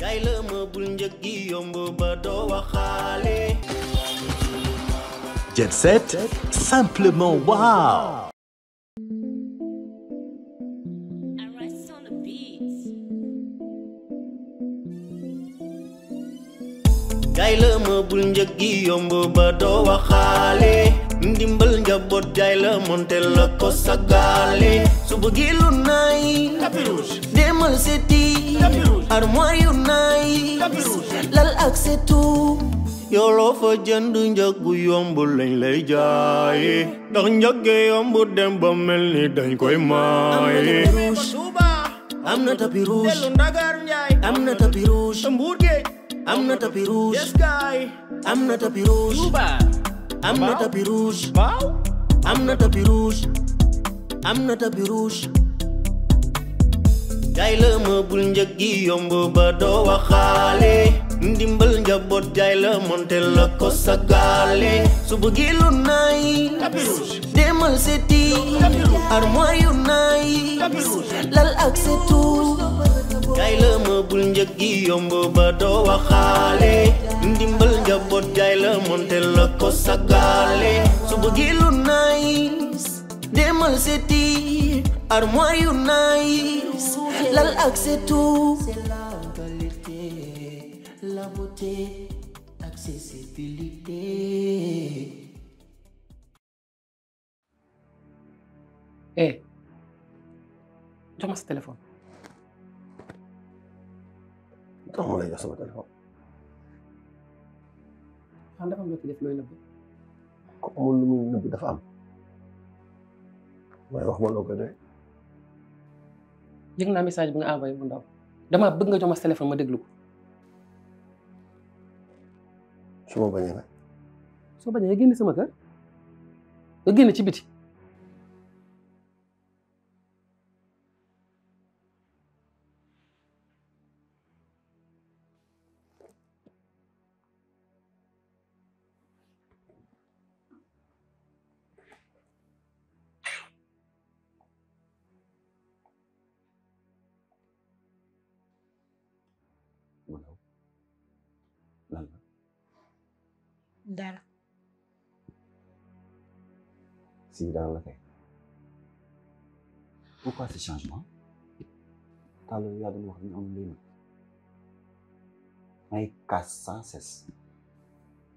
kay la meuble njëg yomb ba doo waxaale njëg gi yomb ba doo waxaale ko sagaale su bëggi lu mal sedih Armoire you nice lal ak setu yo ya lo fa jënd njëg bu yomb lañ lay jaay ndax njëg gi yomb dem ba melni dañ koy maayi amna tapi rouge amna tapi rouge amna tapi tapis rouge amna tapi tapis rouge amna tapi rouge amna tapi rouge amna tapi rouge jaay la meuble njëg gi yomb ba do waxale ndimbal njabot jaay la monte la ko sagale su bëggee lu demal seti armoire yu naay lal ak seetu jaay la meuble njëg gi yomb ba do waxale ndimbal njabot jaay la la ko sagale su lu demal seeti armoire yu nice lal ak seetu c'est la qualité la beauté accessibilité eh jox ma sa téléphone tax ma lay jox sama téléphone xam dafa am lu ci def looy nëbb ko amul lu muy nëbb dafa am waaye wax ma loo naa message bi nga envoyé bu ndaw damaa bëgg nga jox ma téléphone ma déglu ko. su ma bañee soo bañee nga génn sama nga génn ci biti. sii Sidan la kay. pourquoi ce changement. Talla yaa doon wax ñu am léegi. may casse sans cesse.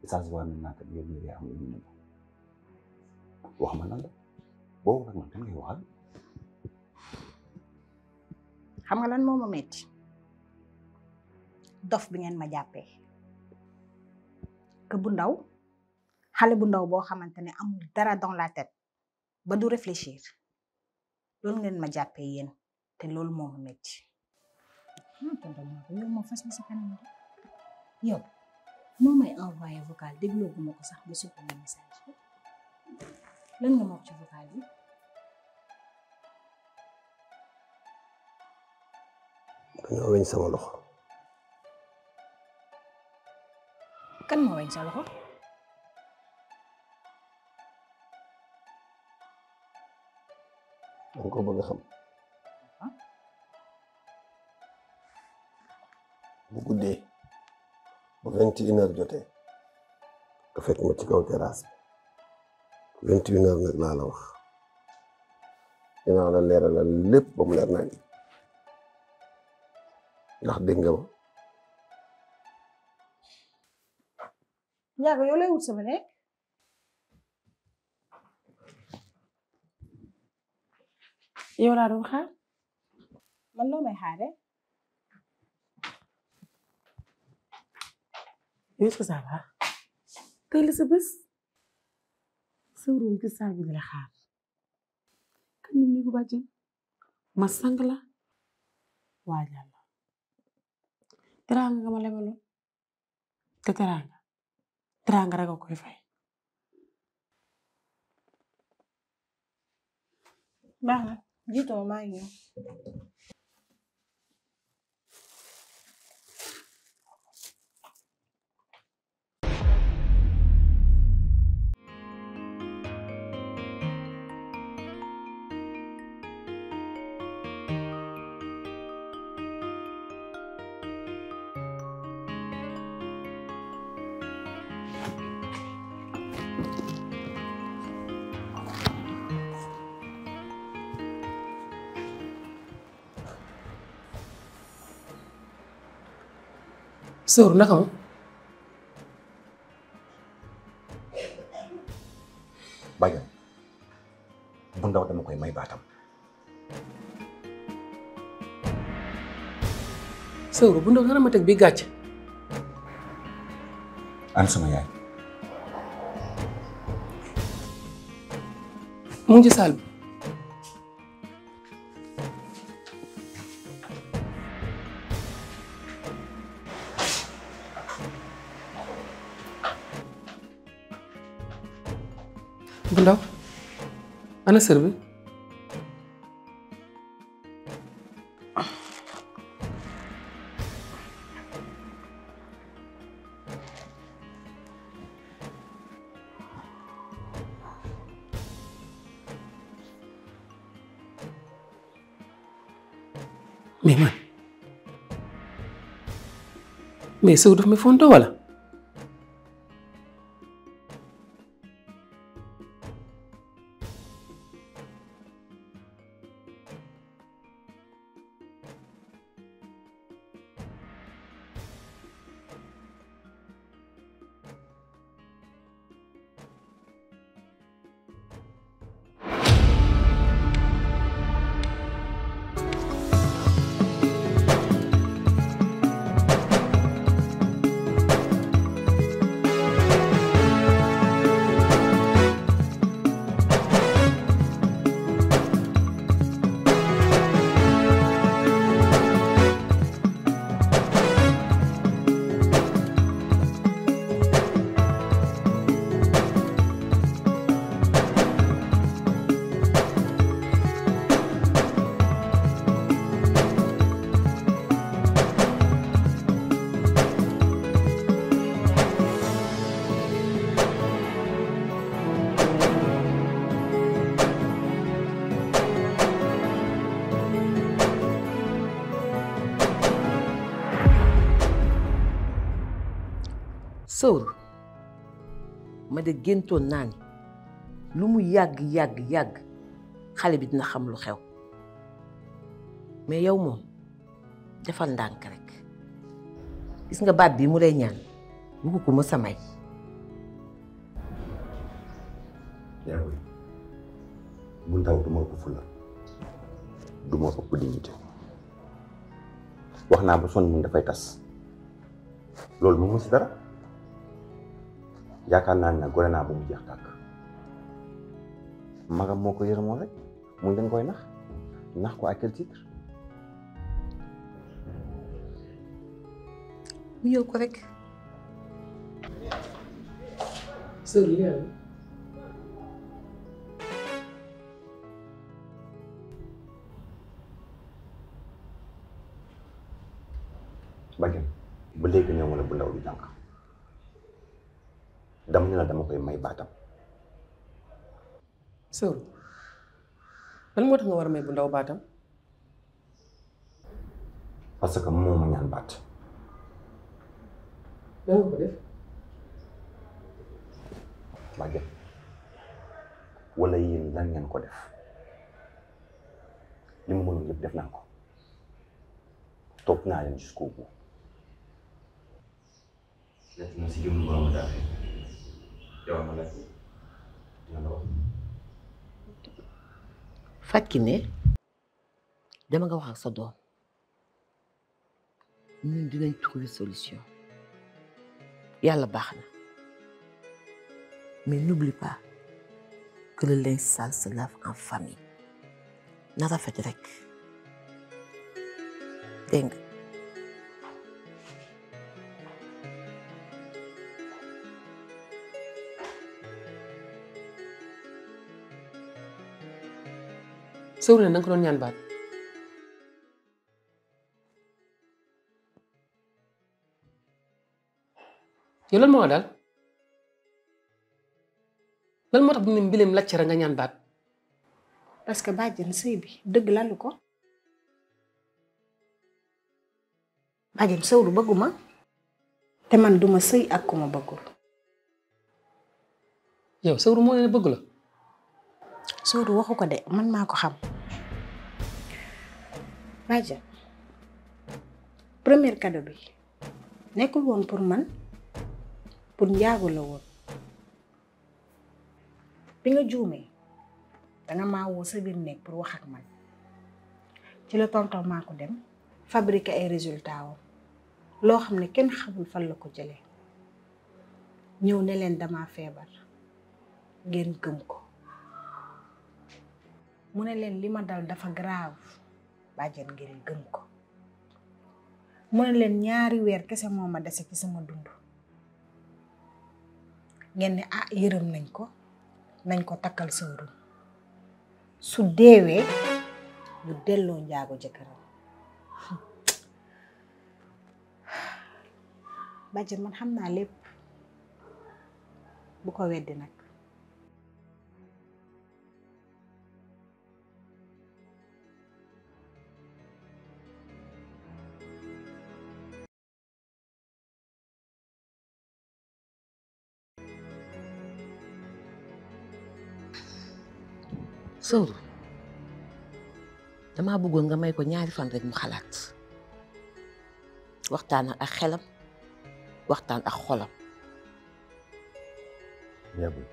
ça se voit maintenant que yow mii am lu ñu wax ma lan la boo wax metti dof bi ngeen ma jàppee. que bu ndaw xale bu ndaw boo xamante ne amul dara dans la tête ba du réfléchir loolu ngeen ma jàppee yéen te loolu moo ma métti hmm, yow moo fas ma sa kanam may envoyé vocal dégloo gu ma ko sax ba supprimer message bi lan nga ma wax ci vocal bi dañoo sama loxo kan danga ko bëgg xam. bu guddee bu vingt une heure jotee nga fekk ma ci kaw terrasse bi vingt et une heure nag laa la wax dinaa la leeralal lépp ba mu leer naa ni ndax dégg nga Jaakoyole uutsemenek. Yow laa doon xaar. man loo may xaaree. yow est-ce que ça va. tey la sa bés. sëwroom gis saa bi di la xaar. kan ñu néegu bàjjen. ma sang la. waajal la. teraanga nga ma lebaloon te teraanga. teraanga rek a koy fay. na jiitoo sër naka ma bàyyam bu ndaw dama koy may baatam sër bu ndaw dara ma teg bii gàcce an sama yaay mu ngi ಅನಿಸಿರ್ವಿ मेहमान मैं इसे उठो में फोन तो वाला sëwru ma de géntoon naa ni lu mu yàgg yàgg yàgg xale bi dina xam lu xew mais yow moom defal ndànk rek gis nga baat bi mu lay ñaan bu ko mës ma ko fulla wax naa ba sonn mun dafay tas loolu moom si dara yaakaar naa ne nag gore naa bu mu jeex tàkk magam moo ko yërëmoon rek muy dañ koy nax nax ko à quel titre mu ñëw rek ba léegi ñëw ma la bu ndaw bi jànk dama ne la dama koy may baatam. sóor lan moo tax nga war a may bu ndaw baatam. parce que moom ma ñaan baat. lan nga ko def. ngeen ko def li mu mënoon yëpp def naa ko topp naa leen jusqu'au bout. ya maladie. Alors Fat Kine dama nga wax ak sa nous devons trouver trouver solution a baax mais n'oublie pas que le linge sale se lave en famille na fait avec. dégg sëw na nanga ko doon ñaan baat yow lan moo daal lan moo tax bu ne mbileem laccere nga ñaan baat parce que bàjjen sey bi deug lan ko bàjjen sëwlu bëgguma té man duma sey ak ku ma bëggul yow sëwru mo ne bëgg la sëwru waxu ko de man maa xam Raja premier cadeau bi nekul won pour man pour ñago la won bi nga da nga ma wo sa biir nek pour wax ak man ci le tonton mako dem fabriquer ay résultats lo xamné kenn xamul fan la ko jëlé ñew ne len dama febar ngeen gëm ko mu ne leen dal dafa grave bàjjen ngir gëm ko mu leen ñaari weer kese moo ma dese ci sama dund ngeen ni ah yërëm nañ ko nañ ko takkal sëwrum su deewee ñu delloo njaago jëkkëram bàjjen man xam naa lépp bu ko weddina damaa bëggoon nga may ko ñaari fan rek mu xalaat waxtaan ak xelam waxtaan ak xolam. yàggul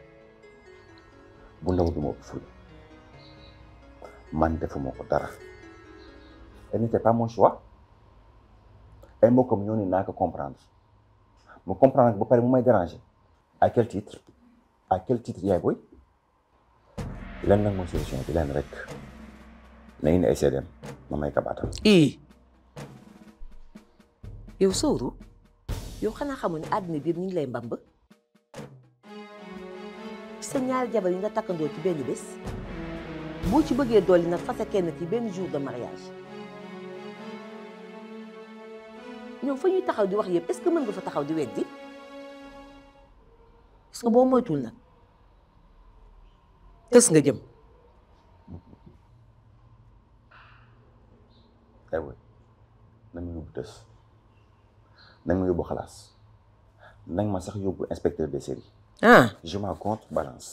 ndaw du ma ful man defuma ko dara et n'était pas mon choix ay mbokkam ñoo ne naa ko comprendre mu comprendre ba pare mu may déranger à quel titre à quel titre yaay booy. idan nan masu shi bilan rek na yin e. SLM na mai kabata eh yow sawru yow xanaa xamul ne àddina biir ñu ngi lay mbamb sa ñaari jabar yi nga takkandoo ci benn bés boo ci bëggee dolli nag fase kenn ci benn jour de mariage ñoom fa ñuy taxaw di wax yëpp est-ce que mën nga fa taxaw di weddi parce que boo moytuwul nag tës nga jëm ay way nañ ma yóbbu tës nañ ma yóbbu xalaas nañ ma sax yóbbu inspecteur des séries ah je m'en compte balance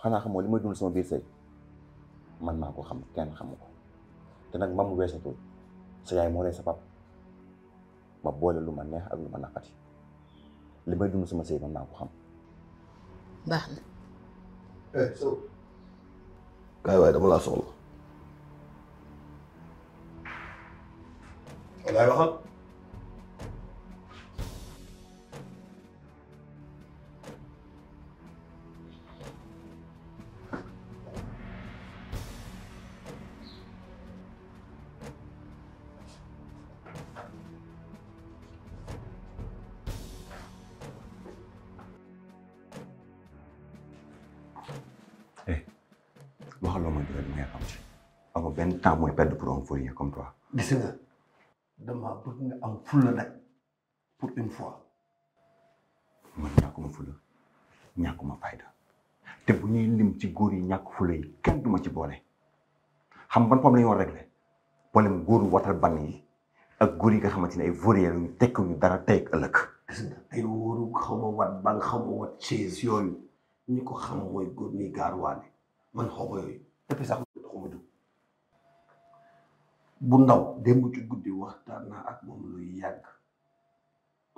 xanaa xamoo li may dund sama biir sëy man maa ko xam kenn xamu te nag mam mu weesatoo sa yaay moo lay sa ma boole lu ma neex ak lu ma naqati li may dund sama sëy man maa ko xam baax na. Eh, kaay waaye dama laa soxla. walaay waxal. comme toi. gis nga dama pour une fois. Je n'ai fulla pas fayda te n'ai lim ci duma ci xam ban problème ñu a problème góoru watal ban yi ak góor nga xamante ay voriel ñu ñu dara tay ak ëllëg. gis nga ay wóoru ban xaw wat chaise yooyu ko xam mooy ni ñi man xaw bu ndaw démb ci guddi waxtaan naa ak moom luy yàgg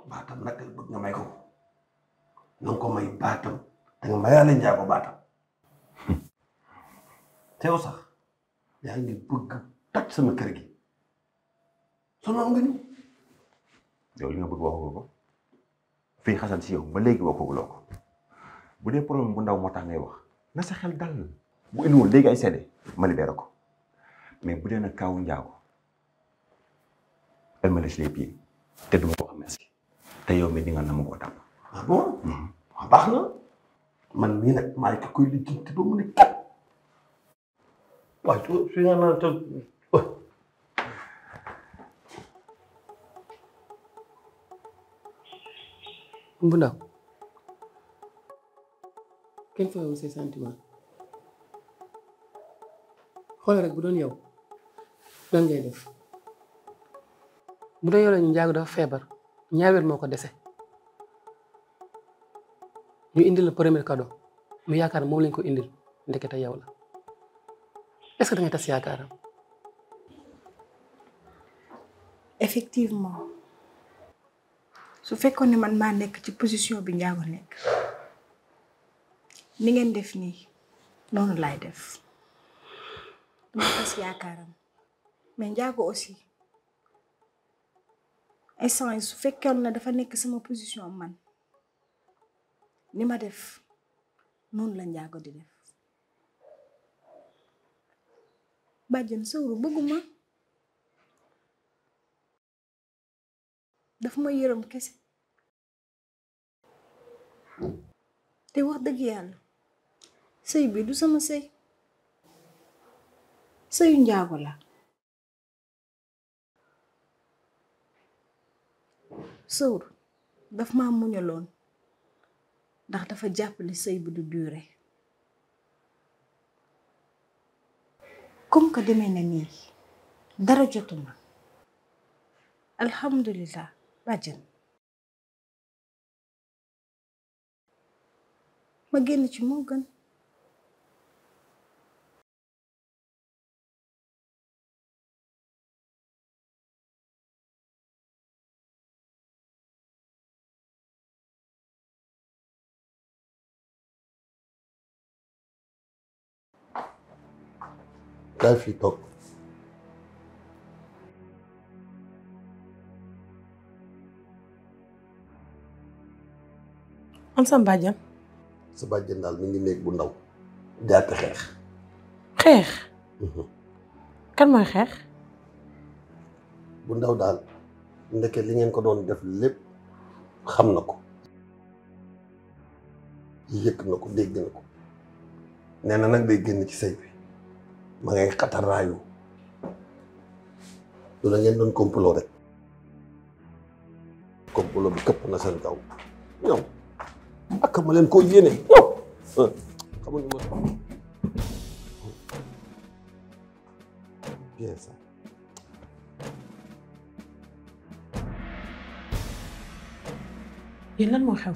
baatam nag bëgg nga may ko na ko may baatam da nga mayaale njaago baatam teew sax yaa ngi bëgg toj sama kër gi sonoon nga ñu yow nga bëgg waxoo ko fii xasan si yow ba léegi waxuloo ko bu dee problème bu ndaw moo tax ngay wax na sa xel dal bu indiwoon léegi ay seede ma libéré ko mais bu dee nag kaawu njaago elle me lèche te duma ko wax te yow mi di na ma koo tàmm. ah bon waaw mm-hmm. ah, man mii nag maa ngi koy lijjanti ba mu ne kat waaye su nga naan toog oh. bu rek bu doon yow. lan ngay def bu dee yore ñu njaago dafa feebar ñaaweel moo ko dese ñu indil la premier kado mu yaakaar moom lañ ko indil ndekete yow la est-ce que da tas yaakaaram effectivement su fekkoon ne man maa nekk ci position bi njaago nekk ni ngeen def nii noonu laay def dama tas yaakaaram mais njaago aussi instant yi su fekkoon na dafa nekk sama position man ni ma def noonu la njaago di def bàjjen sawru bëgguma dafa ma yërëm kese te wax dëgg yàlla sëy bi du sama sëy sëyu njaago la sëwr daf ma muñaloon ndax dafa jàppale sëy bi du durer comme que demee na nii dara jotuma alhamdulilah bàjjen ma génn ci moo gën kaay fii toog am sa bàjjan sa bàjjan daal mi ngi néeg bu ndaw jaate xeex xeex mhm. kan mooy xeex bu ndaw daal ndeke li ngeen ko doon def lépp xam na ko yëg na ko dégg na ko nee na nag day génn ci sëy ma ngay xataraayu du la ngeen doon complot rek complot bi këpp na seen kaw ñoom ak ma leen koo yéene ñoom moo xew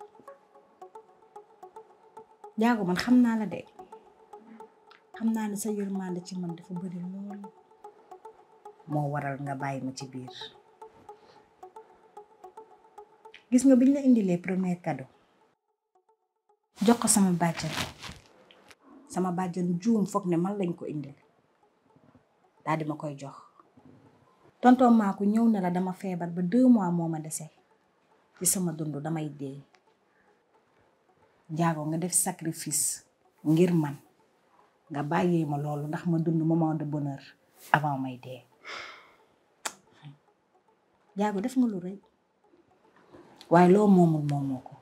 jaago man xam naa la de xam naa ne sa yërmande ci man dafa bëri lool moo waral nga bàyyi ma ci gis nga biñ la indilee premier cadeau jox sama bàjjan sama bàjjan juum foog ne man lañ ko indil daal di ma koy jox tonton maaku ñëw na la dama feebar ba deux mois moo ma dese ci sama dund damay dee njaago nga def sacrifice ngir man nga bàyyee ma loolu ndax ma dund moment de bonheur avant may dee njaago def ma lu rëy waaye loo moomul moomoo ko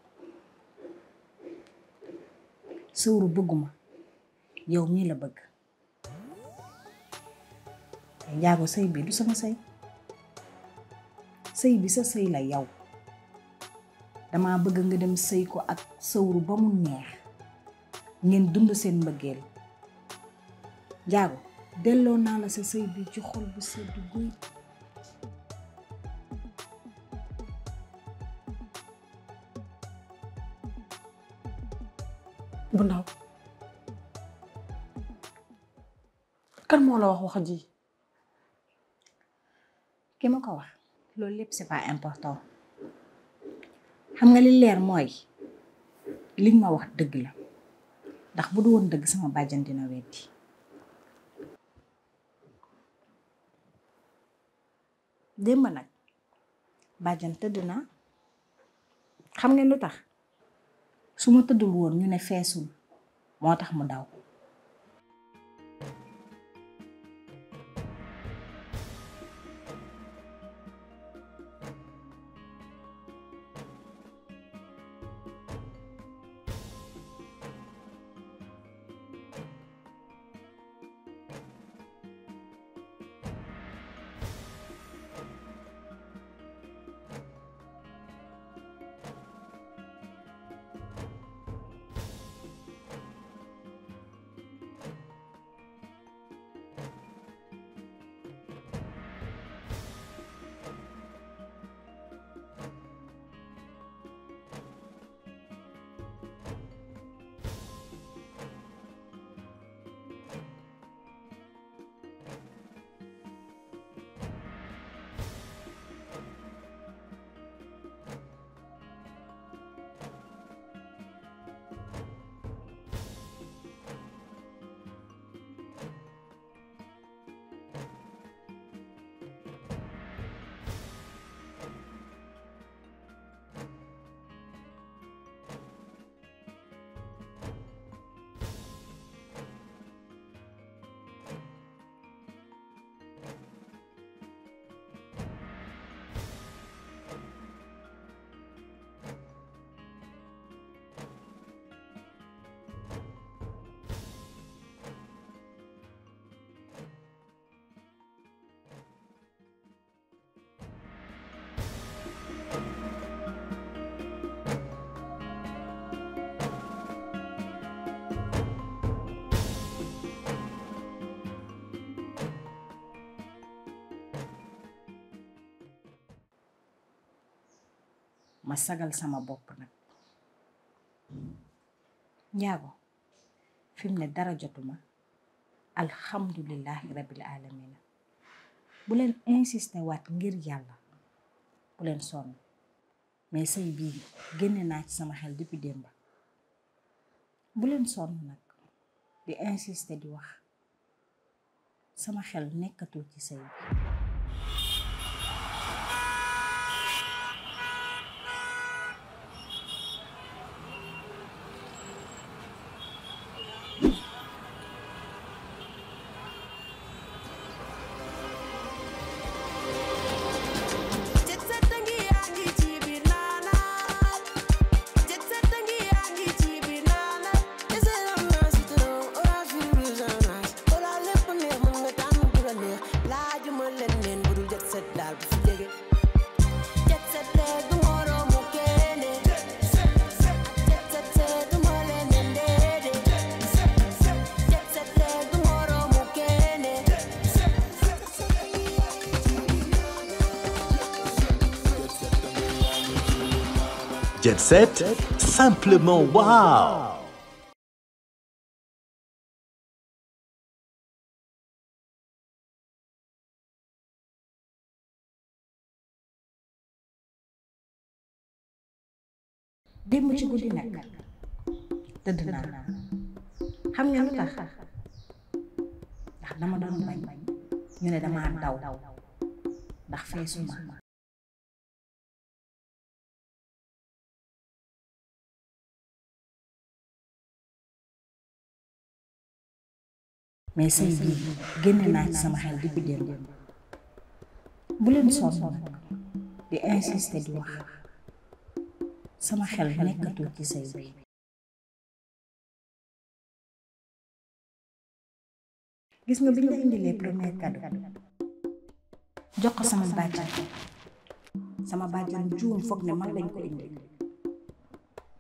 suuru bëgguma yow mii la bëgg njaago sëy bi du sama sëy sëy bi sa sëy la yow damaa bëgg nga dem sëy ko ak sëwru ba mu neex ngeen dund seen mbëggeel njaago delloo naa la sa sëy bi ci xol bu sedd guy bu ndaw kan moo la wax wax ji ki ma ko wax loolu lépp c'est pas important xam nga li leer mooy liñ ma wax dëgg la ndax bu du woon dëgg sama bàjjan dina weddi démb nag bàjjan tëdd na xam nga lu tax su ma tëddul woon ñu ne feesul moo tax mu daw ma sagal sama bopp nag njaago fi ne dara jotuma alhamdulillahi rabbil alamina bu leen insister waat ngir yàlla bu leen sonn mais sëy bii génne naa ci sama xel depuis démba bu leen sonn nag di insister di wax sama xel nekkatul ci sëy bi Jet Set, simplement waouh démb ci guddi nag tëdd naa xam nga lu tax ndax dama doon bañ ñu ne damaa daw ndax ma mais sëy bi génn naa ci sama xel di démb bu leen sonn di insister di wax sama xel nekkatul ci sëy bi gis nga bi ñu les premiers cadeaux jox ko sama bàjjan sama bàjjan juum foog ne man lañ ko indi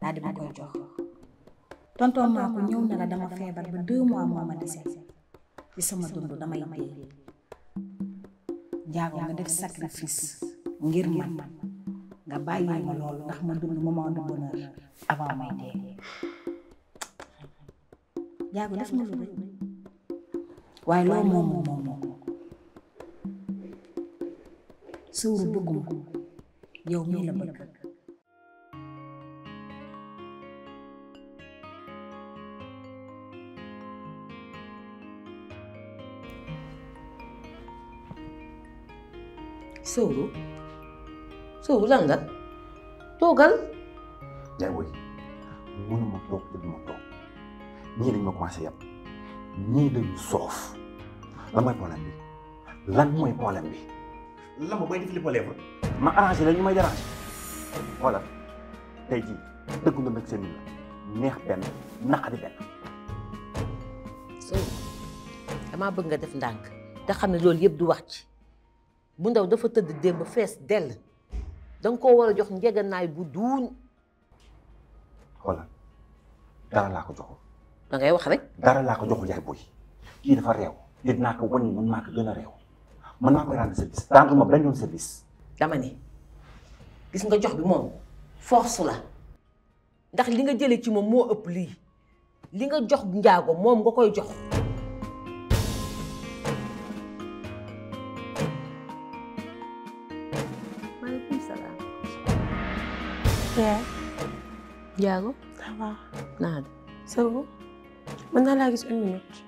daal di ma koy jox tonton maa ko ñëw na la dama feebar ba deux mois moo ma desee ci sama dund damay dee jaago nga def sacrifice ngir man nga bàyyi ma loolu ndax ma dund moment de bonheur avant may jaago def ma lu rëy waaye loolu moom moom moom suuru bëgguma yow mii la bëgg सौरू सौरू langal toogal. yaay woy mënuma toog te duma toog ñii dañ ma commencé yàpp ñii dañu soof lan mooy problème bi lan mooy problème bi. lan mooy def li problème ma arrangé la ñu may déranger voilà tey jii dëggu na nag seen neex benn naqari benn. soo damaa bëgg nga def ndànk te xam ne loolu yëpp du wax bu ndaw dafa tëdd démb fees dell danga nga koo war a jox njeganaay bu duun. xoolal dara laa ko joxul. da wax rek. dara laa ko joxul yaay booy kii dafa réew. li dinaa ko wàññi mën naa ko gën a réew mën naa ko rendre service rendre ma benn yoon service. dama ne gis nga jox bi moom force la ndax li nga jëlee ci moom moo ëpp lii li nga jox njaago moom nga koy jox. Yeah. Yaago? Ça va. Nada. C'est bon? Mën naa laa gis une minute.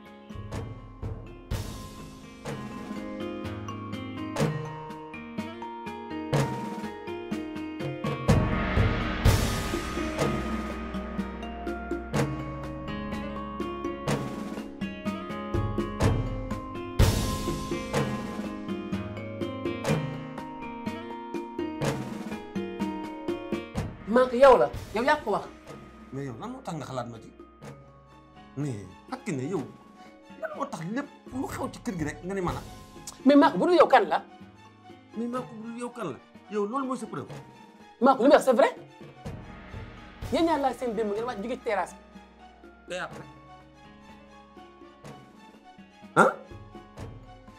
yow la yow yaa ko wax. mais yow lan moo tax nga xalaat ma ci mais ak ne yow lan tax lu ci gi rek nga mais bu yow kan la. mais Marc bu yow kan la yow loolu mooy sa preuve. Marc lu muy wax c'est vrai yéen ñaar laa seen démb ngeen wax jóge ci terrasse bi. et après ah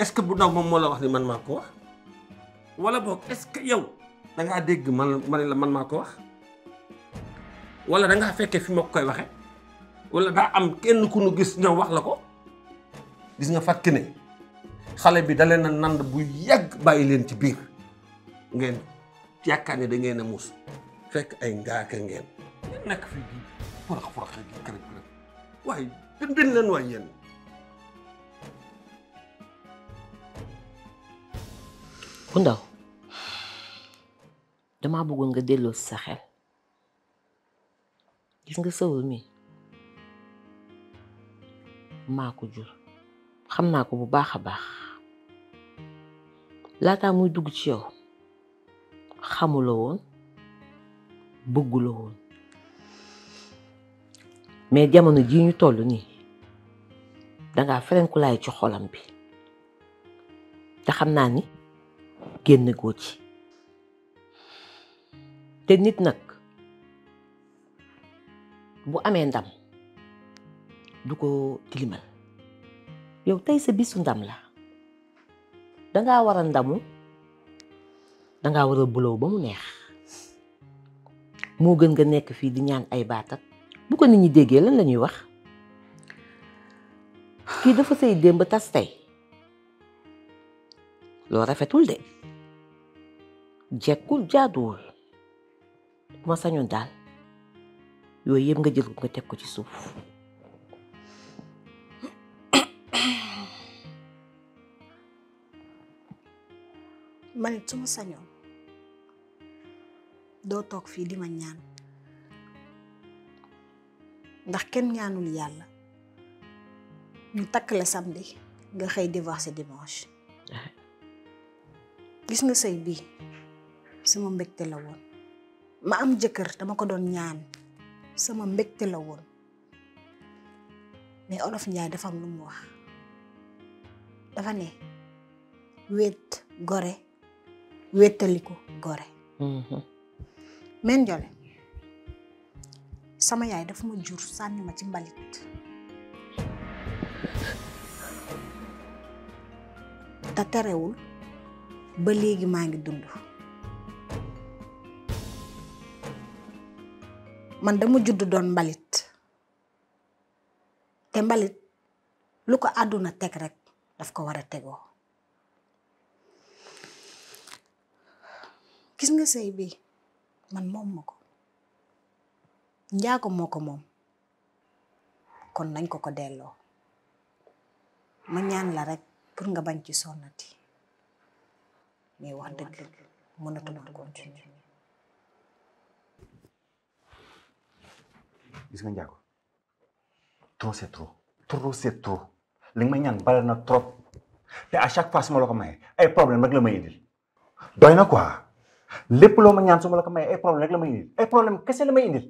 est-ce que bu ndaw moom moo la wax ni man maa ko wax wala boog est-ce que yow da ngaa dégg man ma la man maa wax. wala danga ngaa fekkee fi ma koy waxe wala daa am kenn ku nu gis ñoom wax la ko gis nga fàkk ne xale bi da leen a nand bu yàgg bàyyi leen ci biir ngeen yaakaar ne da ngeen a muus fekk ay ngaaka ngeen nekk waaye bin leen waay yéen ndaw damaa bëggoon nga delloo si gis nga sëwul mi maa ko jur xam naa ko bu baax a baax laataa muy dugg ci yow xamula woon bëggula woon mais jamono jii ñu toll nii dangaa ferenku laay ci xolam bi te xam naa ni génn goo ci te nit nag bu amee ndam du ko tilimal yow tey sa bisu ndam la dangaa war a ndamu dangaa war a buloo ba mu neex moo gën nga nekk fii di ñaan ay baatat bu ko nit ñi déggee lan lañuy wax kii dafa sëy démb tas tey loo rafetul de jekkul jaaduwul ma sañoon daal yooyu iya yëpp nga jël ko nga teg ko ci suuf man it su ma sañoon doo toog fii di ma ñaan ndax kenn ñaanul yàlla ñu takk la samedi nga xëy divorce dimanche gis nga sëy bii sama mbégte la woon ma am jëkkër dama ko doon ñaan sama mbégte la woon mais olof njaay dafa lu mu wax dafa ne wéet gore wéetaliku gore mm-hmm. men jole sama yaay dafa ma jur sànni ma ci mbalit te terewul ba léegi maa ngi dund man dama judd doon mbalit te mbalit lu ko àdduna teg rek daf ko war a tegoo gis nga sëy bi man moom ma ko njaago moo ko moom kon nañ ko ko delloo ma ñaan la rek pour nga bañ ci sonnati mais wax dëgg mënatuma continuer gis nga njaago trop c'est trop trop c'est trop li nga ñaan bala na trop te à chaque fois su ma la ko mayee ay problème rek la may indil doy na quoi lépp loo ma ñaan su ma la ko mayee ay problème rek la may indil ay problème kese la may indil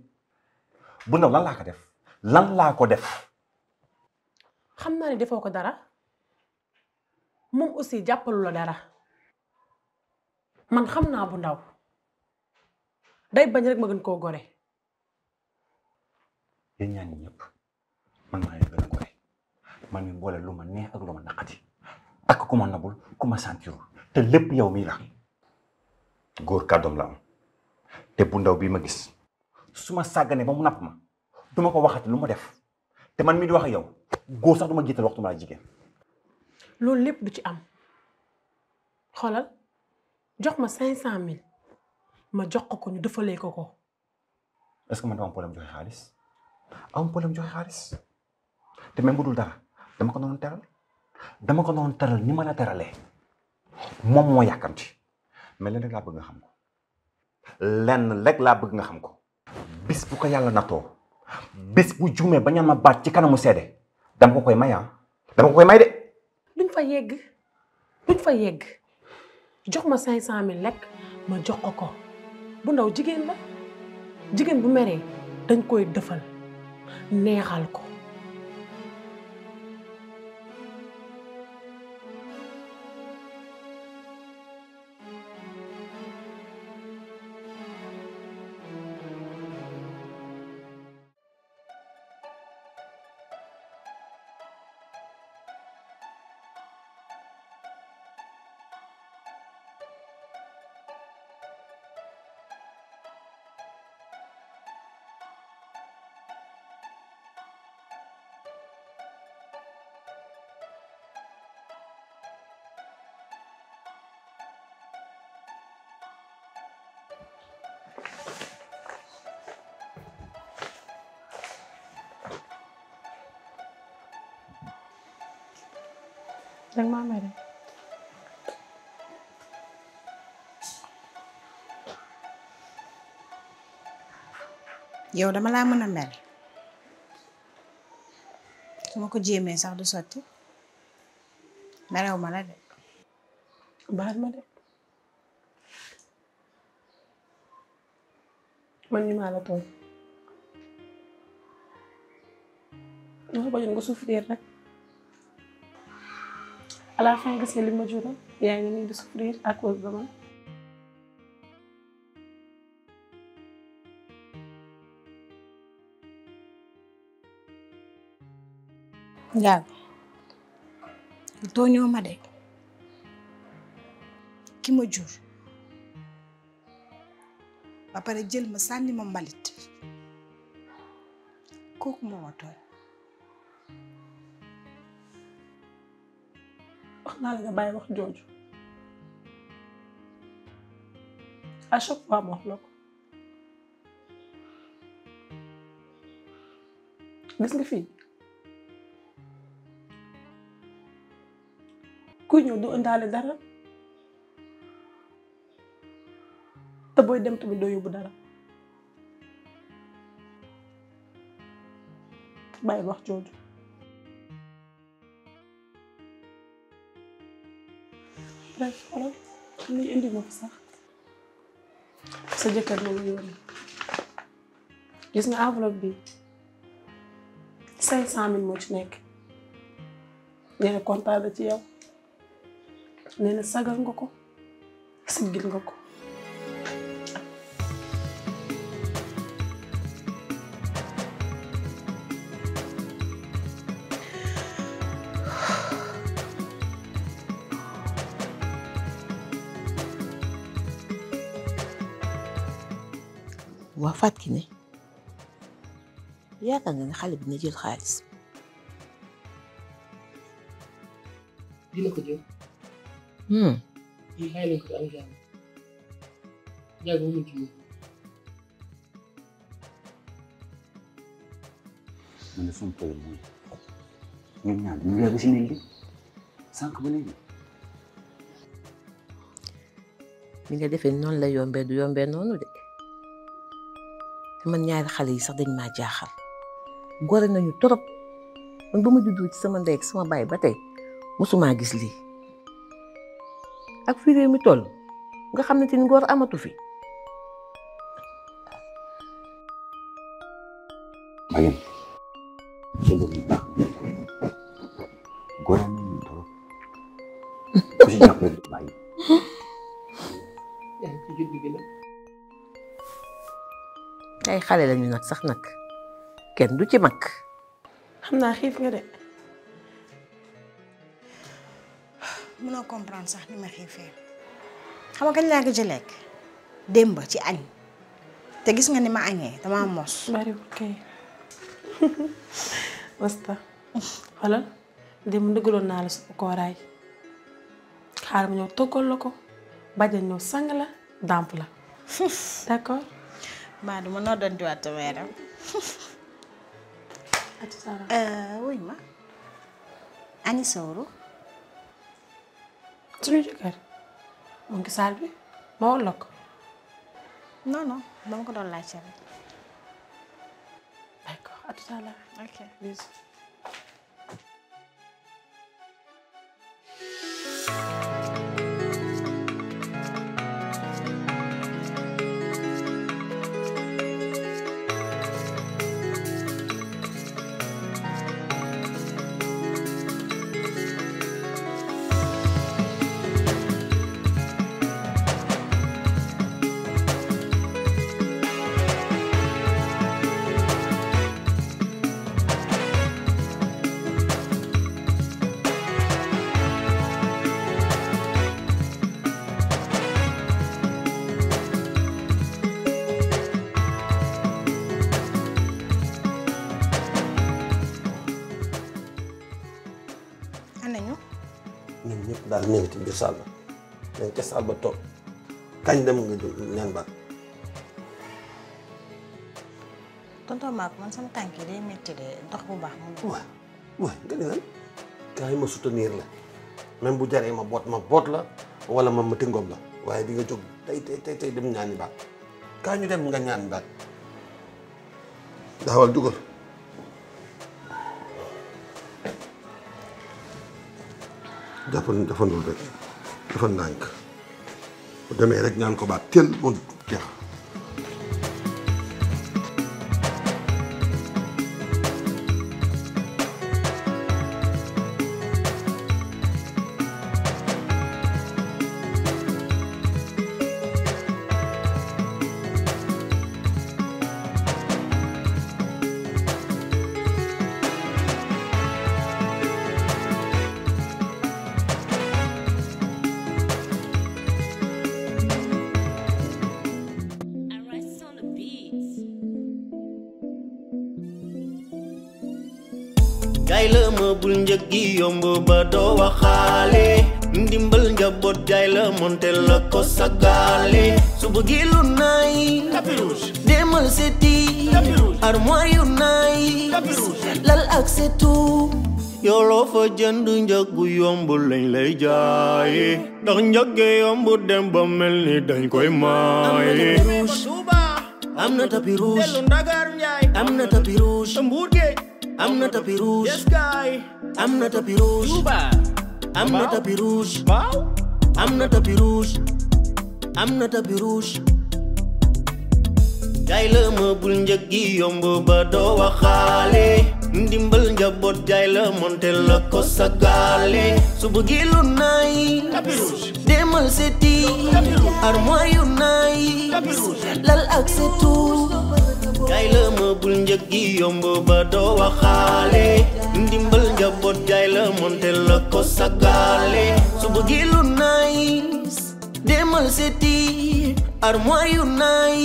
bu ndaw lan laa ko def lan laa ko def xam naa ne defoo ko dara moom aussi jàppalu la dara man xam naa bu ndaw day bañ rek ma gën koo gore yéen ñaan yep ñëpp man maa leen gën a gore man mi boole lu ma neex ak lu ma naqati ak ku ma nabul ku ma sentirul te lépp yow mii la góor kàddoom la am te bu ndaw bii ma gis su ma sàgganee ba mu napp ma du ma ko waxati lu ma def te man mi di wax yow góor sax du ma jiital waxtu ma la jigéen loolu lépp du ci am xoolal jox ma cinq cent mille ma jox ko ko ñu defalee ko ko est-ce que man dama problème joxe xaalis a am problème joxe xaalis te même bu dul dara dama ko doon teral dama ko doon teral ni ma la teralee moom moo yàkkamti mais lenn rek laa bëgg nga xam ko lenn rek laa bëgg nga xam ko bis bu ko yàlla too bis bu jume ba ñaan ma baat ci kanamu seede dama ko koy may ah dama ko koy may de duñ fa yegg duñ fa yegg jox ma cinq cent mille rek ma jox ko ko bu ndaw jigéen la jigéen bu meree dañ koy defal neexal ko danga maa mere yow dama laa mën a mere su ma ko jéemee sax du sotti merew ma la de baal ma de man ñu maa la tooñ nga ko bañoon à la fin gis ma jural yaa ngi nii di souffrir à cause de man Njaal tooñoo ma de ki ma jur ba pare jël ma sànni ma mbalit kooku moo wax naa la nga bàyyi wax jooju à chaque fois ma wax la ko gis nga fii kuy ñëw du ëndaale dara te booy dem tamit doo yóbbu dara bàyyi wax jooju def xoolal lii indi ma fi sa jëkkër la ma yónni gis nga enveloppe bi cinq cent mille moo ci nekk nee na kontaan la ci yow nee na sagal nga ko siggil nga ko faat ki ne yaakaar nga ne xale bi na jël xaalis dina ko jël bàyyi nañ ko am Il jàmm mu mu man de ne problème pas ñoom ñaar ñu ne si ni nga defee noonu la du man ñaari xale yi sax dañ maa jaaxal gore nañu torop man ba ma juddoo ci sama ndey sama baay ba tey mosumaa gis lii ak fi réew mi toll nga xam ne tin ngor amatu fi xale lañu nag sax nag kenn du ci mag. xam naa xiif nga de mënoo comprendre sax ni ma xiifee xam nga kañ laa gëj a lekk démb ci añ te gis nga ni ma añee damaa mos. bariwul kay wasta xoolal démb dëggaloon naa la supp kooraay xaaral ma ñëw toggal la ko bàjjal sang la dàmp la d'accord. maa du ma noo dontiwaat sama yaram. ati eh, wuy ma. ani Sowru. suñu jëkkër mu ngi saal bi ma woon la ko. non ko doon laajte rek. d'accord ati Sara. ok. dal mi ngi ci biir saal ba dañ ca ba toog kañ dem nga ñaan ba tonto Marc man sama tanki day metti de dox bu baax moom wa wa nga ni lan kay ma soutenir la même bu jaree ma bot ma bot la wala ma ma tingoom la waye di nga jog tay tay tay tey dem ñaan ba kaa ñu dem nga ñaan ba dawal dugal dafa dafandul rek dafa ndànk bu demee rek ñaan ko baat teel mu jeex konte la ko sagale su bëggee lu nay demal seeti armoire yu nay lal ak seetu yow loo fa jënd njëg bu yomb lañ lay jaayi ndax njëg gi yomb dem ba mel ni dañ koy maayi am na tapis rouge am na tapis rouge am na tapis rouge am na tapis rouge am na tapis rouge am na tapis rouge am na tapis rouge jaay la njëg gi yomb ba doo ndimbal njabot jay la montel la ko sa su bëggee lu nay demal seti armoire yu nay lal ak seetu jay la bul njëg gi yomb ba do waxale ndimbal njabot jay la montel la ko sa su bëggee lu nay demal seti armoire yu nay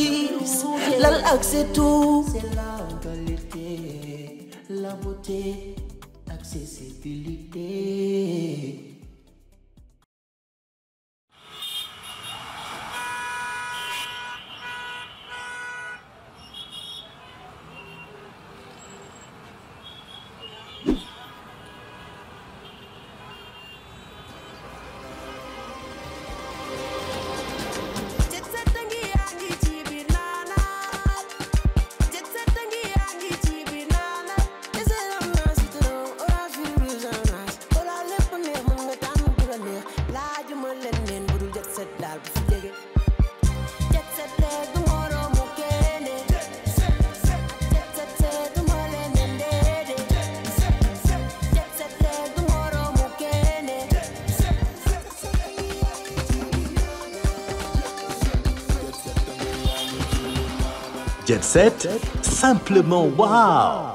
lal ak Accessibilité. Jet 7, simplement waouh